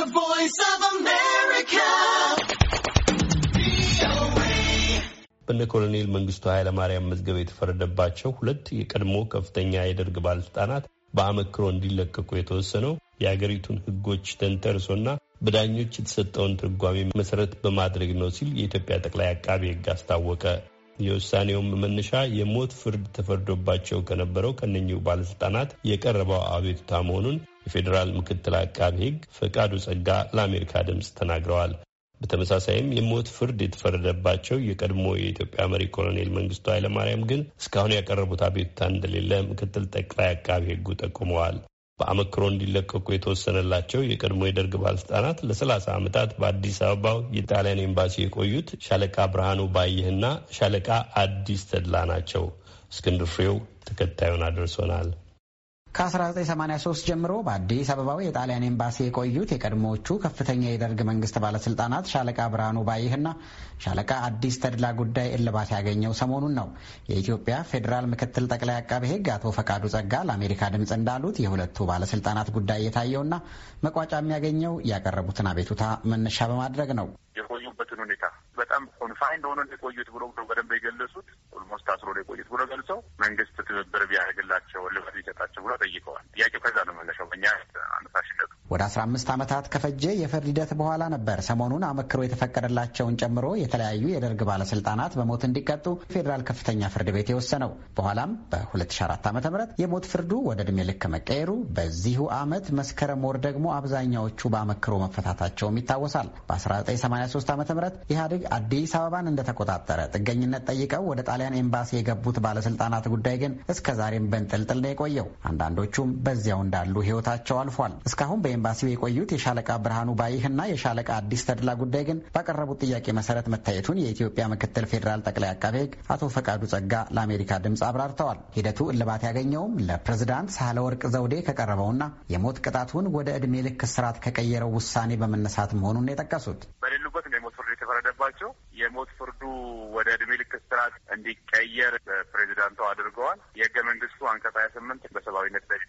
The Voice of America. በነ ኮሎኔል መንግስቱ ኃይለማርያም መዝገብ የተፈረደባቸው ሁለት የቀድሞ ከፍተኛ የደርግ ባለስልጣናት በአመክሮ እንዲለቀቁ የተወሰነው የአገሪቱን ሕጎች ተንተርሶና በዳኞች የተሰጠውን ትርጓሜ መሰረት በማድረግ ነው ሲል የኢትዮጵያ ጠቅላይ አቃቢ ሕግ አስታወቀ። የውሳኔውም መነሻ የሞት ፍርድ ተፈርዶባቸው ከነበረው ከነኚሁ ባለስልጣናት የቀረበው አቤቱታ መሆኑን የፌዴራል ምክትል አቃቢ ሕግ ፈቃዱ ጸጋ ለአሜሪካ ድምፅ ተናግረዋል። በተመሳሳይም የሞት ፍርድ የተፈረደባቸው የቀድሞ የኢትዮጵያ መሪ ኮሎኔል መንግስቱ ኃይለማርያም ግን እስካሁን ያቀረቡት አቤቱታ እንደሌለ ምክትል ጠቅላይ አቃቢ ሕጉ ጠቁመዋል። በአመክሮ እንዲለቀቁ የተወሰነላቸው የቀድሞ የደርግ ባለስልጣናት ለሰላሳ ዓመታት በአዲስ አበባው የጣሊያን ኤምባሲ የቆዩት ሻለቃ ብርሃኑ ባየህና ሻለቃ አዲስ ተድላ ናቸው። እስክንድር ፍሬው ተከታዩን አድርሶናል። ከ1983 ጀምሮ በአዲስ አበባው የጣሊያን ኤምባሲ የቆዩት የቀድሞዎቹ ከፍተኛ የደርግ መንግስት ባለስልጣናት ሻለቃ ብርሃኑ ባይህና ሻለቃ አዲስ ተድላ ጉዳይ እልባት ያገኘው ሰሞኑን ነው። የኢትዮጵያ ፌዴራል ምክትል ጠቅላይ አቃቤ ሕግ አቶ ፈቃዱ ጸጋ ለአሜሪካ ድምፅ እንዳሉት የሁለቱ ባለስልጣናት ጉዳይ የታየውና መቋጫ የሚያገኘው ያቀረቡትን አቤቱታ መነሻ በማድረግ ነው። የቆዩበትን ሁኔታ በጣም ኮንፋይንድ ሆኖ የቆዩት ብሎ በደንብ የገለጹት ኦልሞስት አስሮ የቆዩት ብሎ ገልጸው መንግስት 第一个。ወደ 15 ዓመታት ከፈጀ የፍርድ ሂደት በኋላ ነበር ሰሞኑን አመክሮ የተፈቀደላቸውን ጨምሮ የተለያዩ የደርግ ባለስልጣናት በሞት እንዲቀጡ ፌዴራል ከፍተኛ ፍርድ ቤት የወሰነው። በኋላም በ2004 ዓ ም የሞት ፍርዱ ወደ ዕድሜ ልክ መቀየሩ፣ በዚሁ ዓመት መስከረም ወር ደግሞ አብዛኛዎቹ በአመክሮ መፈታታቸውም ይታወሳል። በ1983 ዓ ም ኢህአዴግ አዲስ አበባን እንደተቆጣጠረ ጥገኝነት ጠይቀው ወደ ጣሊያን ኤምባሲ የገቡት ባለስልጣናት ጉዳይ ግን እስከ ዛሬም በንጥልጥል ነው የቆየው። አንዳንዶቹም በዚያው እንዳሉ ህይወታቸው አልፏል። እስካሁን ኤምባሲ የቆዩት የሻለቃ ብርሃኑ ባይህና የሻለቃ አዲስ ተድላ ጉዳይ ግን ባቀረቡት ጥያቄ መሰረት መታየቱን የኢትዮጵያ ምክትል ፌዴራል ጠቅላይ አቃቤ ሕግ አቶ ፈቃዱ ጸጋ ለአሜሪካ ድምፅ አብራርተዋል። ሂደቱ እልባት ያገኘውም ለፕሬዝዳንት ሳህለወርቅ ዘውዴ ከቀረበውና የሞት ቅጣቱን ወደ እድሜ ልክ እስራት ከቀየረው ውሳኔ በመነሳት መሆኑን የጠቀሱት በሌሉበት የሞት ፍርድ የተፈረደባቸው የሞት ፍርዱ ወደ እድሜ ልክ እስራት እንዲቀየር ፕሬዚዳንቱ አድርገዋል። የህገ መንግስቱ አንቀጽ ሀያ ስምንት በሰብአዊነት ላይ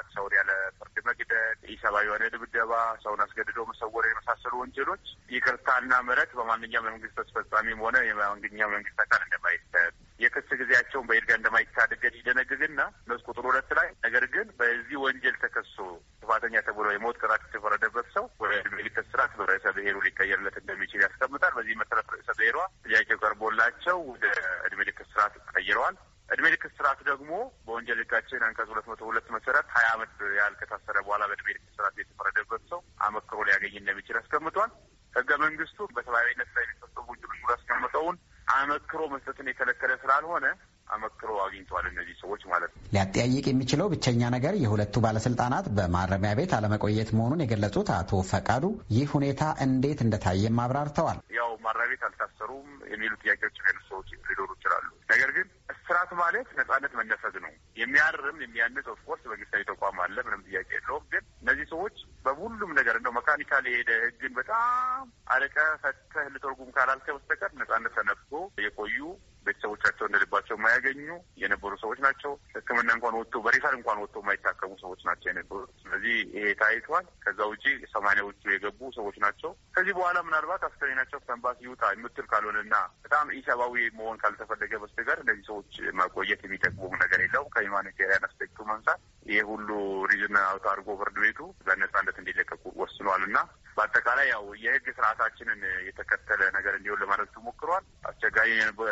ማጥቃት፣ ሰውን ያለ ፍርድ መግደል፣ ኢሰብአዊ የሆነ ድብደባ፣ ሰውን አስገድዶ መሰወር የመሳሰሉ ወንጀሎች ይቅርታና ምሕረት በማንኛውም የመንግስት አስፈጻሚም ሆነ የማንኛውም መንግስት አካል እንደማይሰጥ የክስ ጊዜያቸውን በይርጋ እንደማይታደገድ ይደነግግና ነስ ቁጥር ሁለት ላይ ነገር ግን በዚህ ወንጀል ተከሶ ጥፋተኛ ተብሎ የሞት ቅጣት የተፈረደበት ሰው ወደ ዕድሜ ልክ እስራት በርዕሰ ብሔሩ ሊቀየርለት እንደሚችል ያስቀምጣል። በዚህ መሰረት ርዕሰ ብሔሯ ጥያቄው ቀርቦላቸው ወደ እድሜ ልክ እስራት ቀይረዋል። እድሜ ልክ እስራት ደግሞ በወንጀል ህጋችን አንቀጽ ሁለት መቶ ሁለት መሰረት ሀያ አመት ያህል ከታሰረ በኋላ በእድሜ ልክ እስራት የተፈረደበት ሰው አመክሮ ሊያገኝ እንደሚችል አስቀምጧል። ህገ መንግስቱ በሰብአዊነት ላይ የሚፈጸሙ ወንጀሎች አስቀምጠውን አመክሮ መስጠትን የከለከለ ስላልሆነ አመክሮ አግኝተዋል እነዚህ ሰዎች ማለት ነው። ሊያጠያይቅ የሚችለው ብቸኛ ነገር የሁለቱ ባለስልጣናት በማረሚያ ቤት አለመቆየት መሆኑን የገለጹት አቶ ፈቃዱ ይህ ሁኔታ እንዴት እንደታየም አብራርተዋል። ያው ማረሚያ ቤት አልታሰሩም የሚሉ ጥያቄዎች ከነሱ ሰዎች ሊኖሩ ይችላሉ። ነገር ግን ስርዓት ማለት ነጻነት መነፈግ ነው። የሚያርም የሚያንስ ኦፍኮርስ መንግስታዊ ተቋም አለ፣ ምንም ጥያቄ የለውም። ግን እነዚህ ሰዎች በሁሉም ነገር እንደው መካኒካል የሄደ ህግን በጣም አለቀ ፈተህ ልተርጉም ካላልከ በስተቀር ነጻነት ተነፍጎ የቆዩ ቤተሰቦች የሚገባቸው የማያገኙ የነበሩ ሰዎች ናቸው። ሕክምና እንኳን ወጥቶ በሪፈር እንኳን ወጥቶ የማይታከሙ ሰዎች ናቸው የነበሩ። ስለዚህ ይሄ ታይቷል። ከዛ ውጪ ሰማንያዎቹ የገቡ ሰዎች ናቸው። ከዚህ በኋላ ምናልባት አስከሬ ናቸው ከኤምባሲ ይውጣ የምትል ካልሆነና በጣም ኢሰብአዊ መሆን ካልተፈለገ በስተቀር እነዚህ ሰዎች መቆየት የሚጠቅሙም ነገር የለው ከሁማኒቴሪያን አስፔክቱ መንሳት ይሄ ሁሉ ሪዝን አውቶ አድርጎ ፍርድ ቤቱ በነጻነት እንዲለቀቁ ወስኗል እና በአጠቃላይ ያው የህግ ስርዓታችንን የተከተለ ነገር እንዲሆን ለማድረግ ተሞክሯል። አስቸጋሪ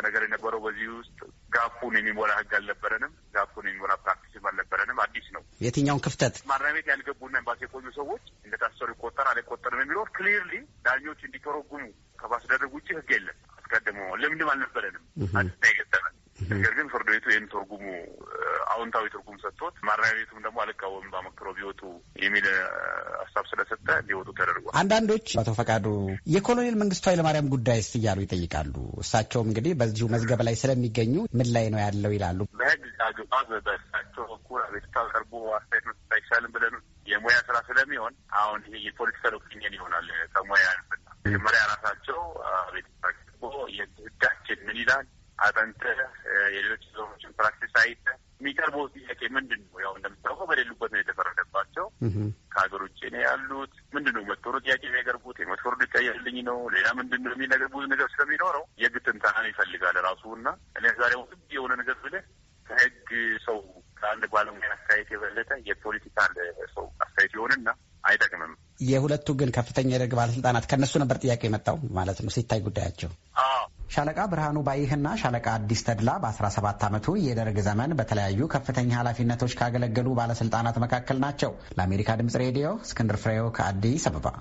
ነገር የነበረው በዚህ ውስጥ ጋፉን የሚሞላ ህግ አልነበረንም። ጋፉን የሚሞላ ፕራክቲስም አልነበረንም። አዲስ ነው። የትኛውን ክፍተት ማረሚያ ቤት ያልገቡና ኤምባሲ የቆዩ ሰዎች እንደታሰሩ ይቆጠር አልቆጠርም የሚለው ክሊርሊ ዳኞች እንዲተረጉሙ ከማስደረግ ውጭ ህግ የለም። አስቀድሞ ልምድም አልነበረንም። አዲስ አይገጠመን ነገር ግን ፍርድ ቤቱ ይህን ትርጉሙ አዎንታዊ ትርጉም ሰጥቶት ማረሚያ ቤቱም ደግሞ አልቃወም በአመክሮ ቢወጡ የሚል ሀሳብ ስለሰጠ እንዲወጡ ተደርጓል። አንዳንዶች አቶ ፈቃዱ የኮሎኔል መንግስቱ ኃይለማርያም ጉዳይ ስ እያሉ ይጠይቃሉ። እሳቸውም እንግዲህ በዚሁ መዝገብ ላይ ስለሚገኙ ምን ላይ ነው ያለው ይላሉ። በህግ አግባብ በእሳቸው በኩል አቤቱታ ቀርቦ አስተያየት መስጠት አይቻልም ብለን የሙያ ስራ ስለሚሆን አሁን ይሄ የፖለቲካል ኦፒኒየን ይሆናል ከሙያ መጀመሪያ ራሳቸው አቤቱታ ቀርቦ የህጋችን ምን ይላል አጠንተ የሌሎች ዞኖችን ፕራክቲስ አይተ የሚቀርበው ጥያቄ ምንድን ነው? ያው እንደምታውቀው በሌሉበት ነው የተፈረደባቸው። ከሀገር ውጭ ነው ያሉት። ምንድን ነው መጥቶሮ ጥያቄ የሚያቀርቡት የመስፈርዱ ይታያልኝ ነው ሌላ ምንድን ነው የሚነገር ብዙ ነገር ስለሚኖረው የግድ ትንተናን ይፈልጋል ራሱ እና እኔ ዛሬ ውድ የሆነ ነገር ብለህ ከህግ ሰው ከአንድ ባለሙያ አስተያየት የበለጠ የፖለቲካል ሰው አስተያየት ይሆንና አይጠቅምም። የሁለቱ ግን ከፍተኛ የደርግ ባለስልጣናት ከእነሱ ነበር ጥያቄ የመጣው ማለት ነው ሲታይ ጉዳያቸው ሻለቃ ብርሃኑ ባይህና ሻለቃ አዲስ ተድላ በ17 ዓመቱ የደርግ ዘመን በተለያዩ ከፍተኛ ኃላፊነቶች ካገለገሉ ባለስልጣናት መካከል ናቸው። ለአሜሪካ ድምጽ ሬዲዮ እስክንድር ፍሬው ከአዲስ አበባ